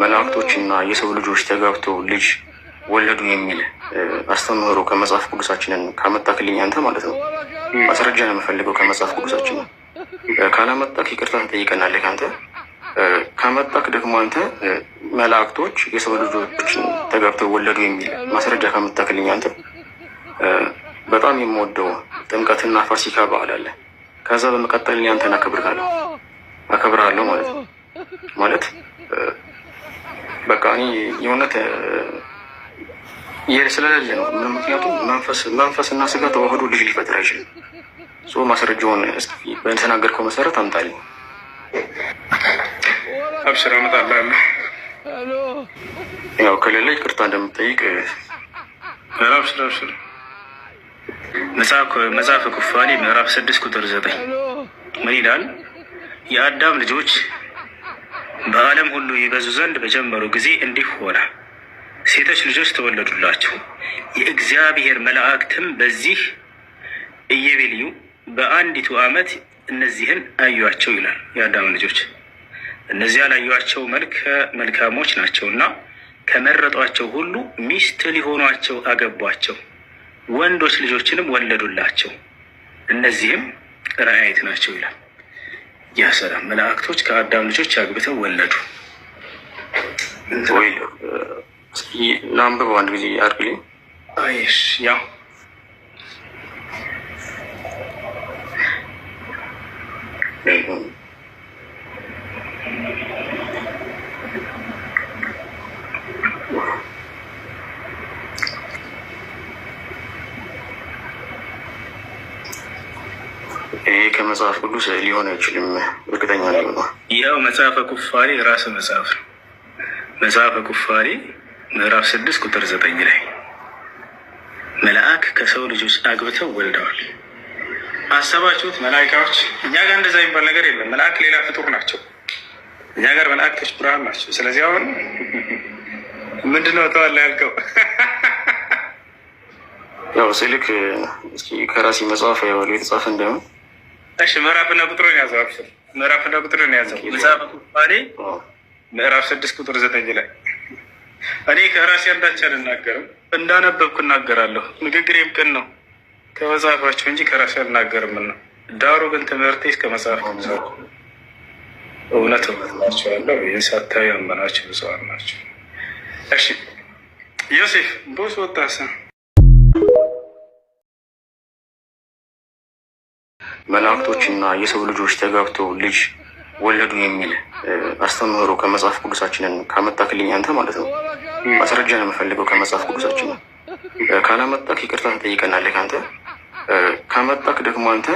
መላእክቶችና የሰው ልጆች ተጋብተው ልጅ ወለዱ የሚል አስተምህሮ ከመጽሐፍ ቅዱሳችንን ካመጣክልኝ አንተ ማለት ነው ማስረጃ ነው የምፈልገው። ከመጽሐፍ ቅዱሳችን ካላመጣክ ይቅርታ ትጠይቀናለህ። አንተ ከመጣክ ደግሞ አንተ መላእክቶች የሰው ልጆች ተጋብተው ወለዱ የሚል ማስረጃ ካመጣክልኝ አንተ በጣም የምወደው ጥምቀትና ፋሲካ በዓል አለ። ከዛ በመቀጠል አንተን አከብርሃለሁ አከብርሃለሁ ማለት ነው ማለት በቃ እኔ የእውነት ይሄ ስለሌለ ነው። ምክንያቱም መንፈስና ስጋ ተዋህዶ ልጅ ሊፈጥር አይችልም። ሶ ማስረጃውን በተናገርከው መሰረት አምጣልኝ። አብሽር አመጣልሃለሁ። ያው ከሌለ ይቅርታ እንደምጠይቅ አብሽር አብሽር። መጽሐፈ ኩፋሌ ምዕራፍ ስድስት ቁጥር ዘጠኝ ምን ይላል? የአዳም ልጆች በዓለም ሁሉ ይበዙ ዘንድ በጀመሩ ጊዜ እንዲህ ሆነ። ሴቶች ልጆች ተወለዱላቸው። የእግዚአብሔር መላእክትም በዚህ እየቤልዩ በአንዲቱ ዓመት እነዚህን አዩቸው ይላል። የአዳም ልጆች እነዚያ ላዩቸው መልከ መልካሞች ናቸውና ከመረጧቸው ሁሉ ሚስት ሊሆኗቸው አገቧቸው፣ ወንዶች ልጆችንም ወለዱላቸው። እነዚህም ራእያት ናቸው ይላል። ያ ሰላም መላእክቶች ከአዳም ልጆች አግብተው ወለዱ። ለአንብበው አንድ ጊዜ አርግልኝ። አይሽ ያው Thank መጽሐፍ ቅዱስ ሊሆን አይችልም። እርግጠኛ ያው መጽሐፈ ኩፋሌ ራስ መጽሐፍ ነው። መጽሐፈ ኩፋሌ ምዕራፍ ስድስት ቁጥር ዘጠኝ ላይ መልአክ ከሰው ልጆች አግብተው ወልደዋል። አሰባችሁት? መላይካዎች እኛ ጋር እንደዛ የሚባል ነገር የለም። መልአክ ሌላ ፍጡር ናቸው። እኛ ጋር መላእክቶች ብርሃን ናቸው። ስለዚህ አሁን ምንድነው ተዋለ ያልከው? ያው ስልክ እስኪ ከራሴ መጽሐፍ ያዋሉ የተጻፈ እንደምን እሺ ምዕራፍና ቁጥሩን ያዘው። አብሽር ምዕራፍና ቁጥሩን ያዘው። መጽሐፈ ኩፋሌ ምዕራፍ ስድስት ቁጥር ዘጠኝ ላይ እኔ ከራሴ አንዳች አልናገርም፣ እንዳነበብኩ እናገራለሁ። ንግግሬም ቅን ነው ከመጽሐፋቸው እንጂ ከራሴ አልናገርም አልናገርምና፣ ዳሩ ግን ትምህርቴ እስከ መጽሐፍ እውነት እላቸዋለሁ። ይህን ሳታዩ ያመናችሁ ብፁዓን ናቸው። እሺ ዮሴፍ ቦስ ወጣሰ መላእክቶችና የሰው ልጆች ተጋብተው ልጅ ወለዱ የሚል አስተምህሮ ከመጽሐፍ ቅዱሳችንን ካመጣክልኝ አንተ ማለት ነው ማስረጃ ነው የምፈልገው ከመጽሐፍ ቅዱሳችን ካላመጣክ ይቅርታ ትጠይቀናለህ አንተ ከመጣክ ደግሞ አንተ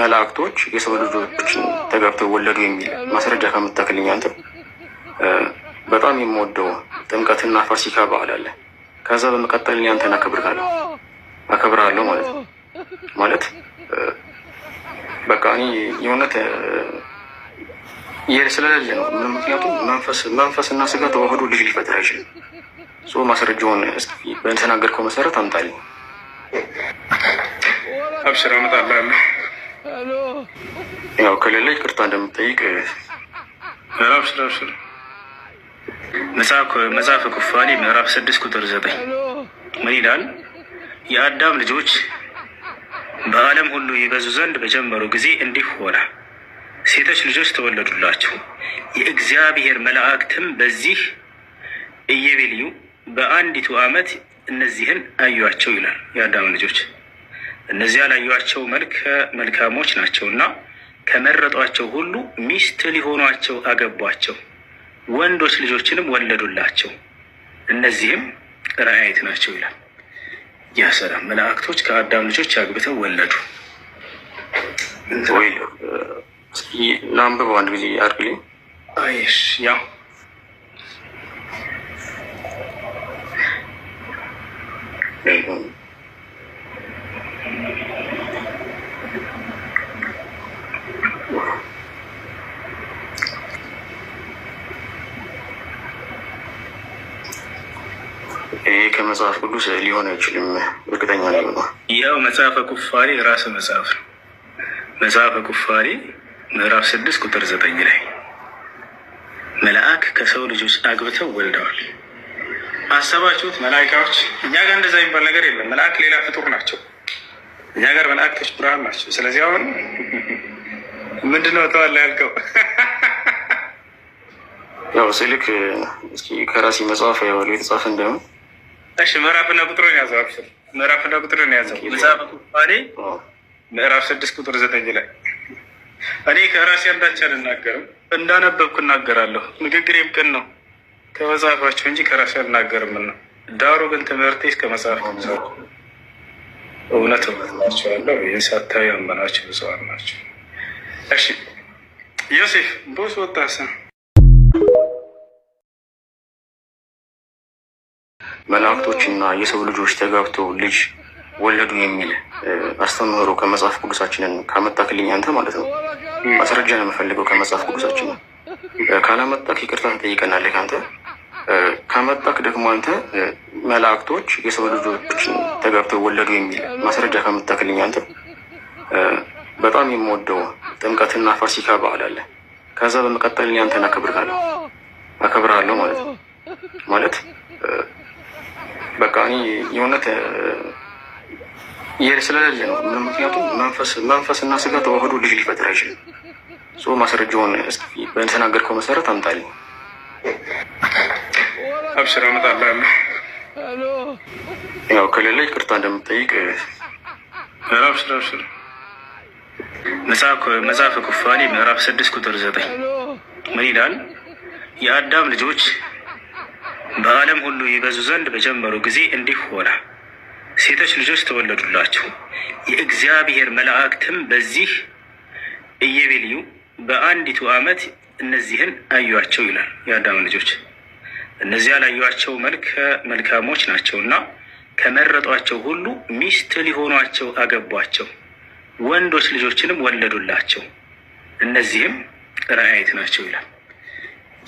መላእክቶች የሰው ልጆችን ተጋብተው ወለዱ የሚል ማስረጃ ካመጣክልኝ አንተ በጣም የምወደው ጥምቀትና ፋሲካ በዓል አለ። ከዛ በመቀጠል አንተን አከብርሃለሁ አከብርሃለሁ ማለት ነው ማለት በቃ እኔ የእውነት ይሄ ስለሌለ ነው። ምክንያቱም መንፈስና ስጋ ተዋህዶ ልጅ ሊፈጥር አይችልም። ሶ ማስረጃውን በተናገርከው መሰረት አምጣልኝ። አብሽር አመጣልሃለሁ። ያው ከሌለ ይቅርታ እንደምጠይቅ አብሽር አብሽር። መጽሐፈ ኩፋሌ ምዕራፍ ስድስት ቁጥር ዘጠኝ ምን ይላል? የአዳም ልጆች በዓለም ሁሉ ይበዙ ዘንድ በጀመሩ ጊዜ እንዲህ ሆነ። ሴቶች ልጆች ተወለዱላችሁ። የእግዚአብሔር መላእክትም በዚህ እየቤልዩ በአንዲቱ ዓመት እነዚህን አዩቸው ይላል። የአዳም ልጆች እነዚያ ላዩቸው መልከ መልካሞች ናቸውና ከመረጧቸው ሁሉ ሚስት ሊሆኗቸው አገቧቸው፣ ወንዶች ልጆችንም ወለዱላቸው። እነዚህም ራእያት ናቸው ይላል። ያሰራ መላእክቶች ከአዳም ልጆች አግብተው ወለዱ። ለአንብበው አንድ ጊዜ አርግልኝ። አይሽ ያው Thank ይህ ከመጽሐፍ ቅዱስ ሊሆን አይችልም። እርግጠኛ ነው ነው ያው መጽሐፈ ኩፋሌ ራስ መጽሐፍ ነው። መጽሐፈ ኩፋሌ ምዕራፍ ስድስት ቁጥር ዘጠኝ ላይ መልአክ ከሰው ልጆች አግብተው ወልደዋል። አሰባችሁት? መላይካዎች እኛ ጋር እንደዛ የሚባል ነገር የለም። መልአክ ሌላ ፍጡር ናቸው። እኛ ጋር መላእክቶች ብርሃን ናቸው። ስለዚህ አሁን ምንድነው ተዋላ ያልከው? ያው ስልክ እስኪ ከራሴ መጽሐፍ ያዋሉ የተጻፈ እንደምን እሺ ምዕራፍና ቁጥሩን ያዘው። አብሽር ምዕራፍና ቁጥሩን ያዘው። መጽሐፈ ኩፋሌ ምዕራፍ ስድስት ቁጥር ዘጠኝ ላይ እኔ ከራሴ አንዳች አልናገርም፣ እንዳነበብኩ እናገራለሁ። ንግግሬም ቅን ነው ከመጽሐፋቸው እንጂ ከራሴ አልናገርም አልናገርምና፣ ዳሩ ግን ትምህርቴ እስከ መጽሐፍ እውነት ናቸዋለሁ ይህን ሳታዩ ያመናችሁ ብፁዓን ናቸው እሺ ዮሴፍ ቦስ ወጣሰ መላእክቶችና የሰው ልጆች ተጋብተው ልጅ ወለዱ የሚል አስተምህሮ ከመጽሐፍ ቅዱሳችንን ካመጣክልኝ አንተ ማለት ነው። ማስረጃ ነው የምፈልገው ከመጽሐፍ ቅዱሳችን። ካላመጣክ ይቅርታ ትጠይቀናለህ አንተ። ከመጣክ ደግሞ አንተ መላእክቶች የሰው ልጆች ተጋብተው ወለዱ የሚል ማስረጃ ካመጣክልኝ አንተ። በጣም የምወደው ጥምቀትና ፋሲካ በዓል አለ። ከዛ በመቀጠል አንተን አከብርሃለሁ አከብርሃለሁ ማለት ነው ማለት በቃ የእውነት ይሄድ ስለሌለ ነው። ምክንያቱም መንፈስ መንፈስና ስጋ ተዋህዶ ልጅ ሊፈጥር አይችልም። ሶ ማስረጃውን በተናገርከው መሰረት አምጣልኝ። አብሽር አመጣልሃለሁ። ያው ከሌለ ይቅርታ እንደምጠይቅ አብሽር አብሽር። መጽሐፈ ኩፋሌ ምዕራፍ ስድስት ቁጥር ዘጠኝ ምን ይላል? የአዳም ልጆች በዓለም ሁሉ ይበዙ ዘንድ በጀመሩ ጊዜ እንዲህ ሆነ። ሴቶች ልጆች ተወለዱላችሁ። የእግዚአብሔር መላእክትም በዚህ እየቤልዩ በአንዲቱ ዓመት እነዚህን አዩቸው ይላል። የአዳም ልጆች እነዚያ ላዩዋቸው መልከ መልካሞች ናቸውና ከመረጧቸው ሁሉ ሚስት ሊሆኗቸው አገቧቸው፣ ወንዶች ልጆችንም ወለዱላቸው። እነዚህም ራእያት ናቸው ይላል።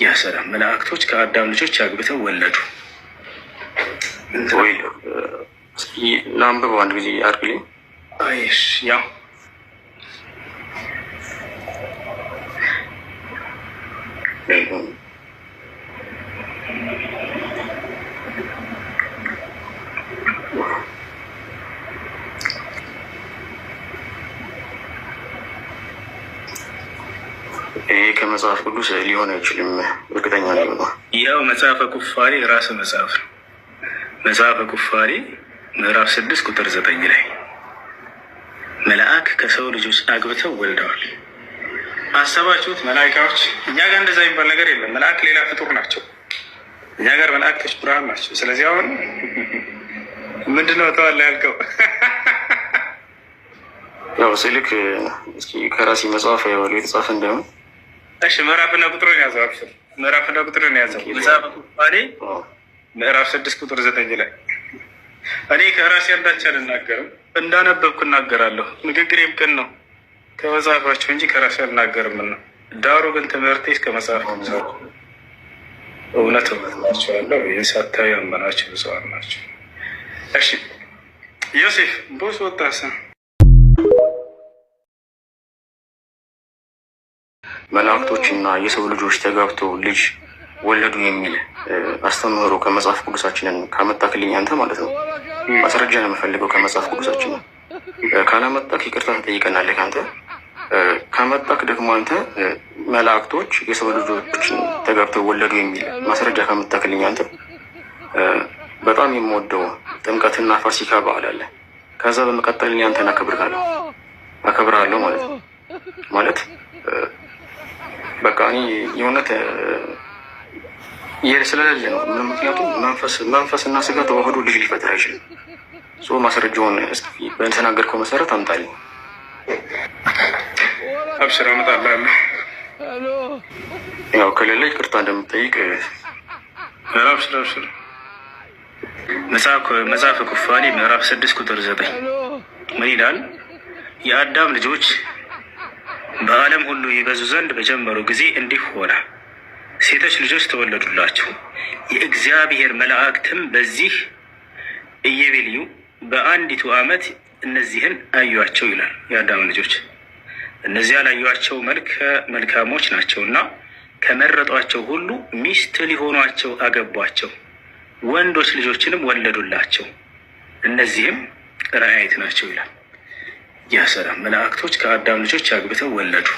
ያሰራ መላእክቶች ከአዳም ልጆች አግብተው ወለዱ። ለአንብበው አንድ ጊዜ አድርግልኝ። ያው Thank ይሄ ከመጽሐፍ ቅዱስ ሊሆን አይችልም። እርግጠኛ ነው። ያው መጽሐፈ ኩፋሌ ራስ መጽሐፍ ነው። መጽሐፈ ኩፋሪ ምዕራፍ ስድስት ቁጥር ዘጠኝ ላይ መልአክ ከሰው ልጆች አግብተው ወልደዋል። አሰባችሁት? መላይካዎች እኛ ጋር እንደዛ የሚባል ነገር የለም። መልአክ ሌላ ፍጡር ናቸው። እኛ ጋር መላእክቶች ብርሃን ናቸው። ስለዚህ አሁን ምንድነው ተዋላ ያልከው? ያው ስልክ እስኪ ከራሴ መጽሐፍ ያዋሉ የተጻፈ እንደሆነ እሺ ምዕራፍና ቁጥሩን ያዘው። አብሽር ምዕራፍና ቁጥሩን ያዘው። መጽሐፈ ቁርባኔ ምዕራፍ ስድስት ቁጥር ዘጠኝ ላይ እኔ ከራሴ አንዳች አልናገርም፣ እንዳነበብኩ እናገራለሁ። ንግግሬም ቅን ነው ከመጽሐፋቸው እንጂ ከራሴ አልናገርምና፣ ዳሩ ግን ትምህርቴ እስከ መጽሐፍ እውነት እላችኋለሁ፣ ይህን ሳታዩ ያመናችሁ ብፁዓን ናችሁ። እሺ ዮሴፍ ቦስ ወጣሰ መላእክቶችና የሰው ልጆች ተጋብተው ልጅ ወለዱ የሚል አስተምህሮ ከመጽሐፍ ቅዱሳችንን ካመጣክልኝ አንተ ማለት ነው። ማስረጃ ነው የምፈልገው ከመጽሐፍ ቅዱሳችን። ካላመጣክ ይቅርታ ትጠይቀናለህ አንተ። ከመጣክ ደግሞ አንተ መላእክቶች የሰው ልጆችን ተጋብተው ወለዱ የሚል ማስረጃ ካመጣክልኝ አንተ በጣም የምወደው ጥምቀትና ፋሲካ በዓል አለ። ከዛ በመቀጠል እኔ አንተን አከብርሃለሁ አከብርሃለሁ ማለት ነው ማለት በቃ እኔ የእውነት ይሄ ስለሌለ ነው። ምክንያቱም መንፈስ መንፈስ እና ስጋ ተዋህዶ ልጅ ሊፈጥር አይችልም። ሶ ማስረጃውን በተናገርከው መሰረት አምጣልኝ። አብስራ አመጣልሃለሁ። ያው ከሌለ ይቅርታ እንደምጠይቅ ምዕራፍ አብስራ አብስራ። መጽሐፍ ኩፋሌ ምዕራፍ ስድስት ቁጥር ዘጠኝ ምን ይላል? የአዳም ልጆች በዓለም ሁሉ ይበዙ ዘንድ በጀመሩ ጊዜ እንዲህ ሆነ፣ ሴቶች ልጆች ተወለዱላቸው የእግዚአብሔር መላእክትም በዚህ እየቤልዩ በአንዲቱ ዓመት እነዚህን አዩቸው ይላል። የአዳም ልጆች እነዚህ ያላዩቸው መልከ መልካሞች ናቸውና ከመረጧቸው ሁሉ ሚስት ሊሆኗቸው አገቧቸው፣ ወንዶች ልጆችንም ወለዱላቸው። እነዚህም ራእያት ናቸው ይላል። ያሰራ መላእክቶች ከአዳም ልጆች አግብተው ወለዱ።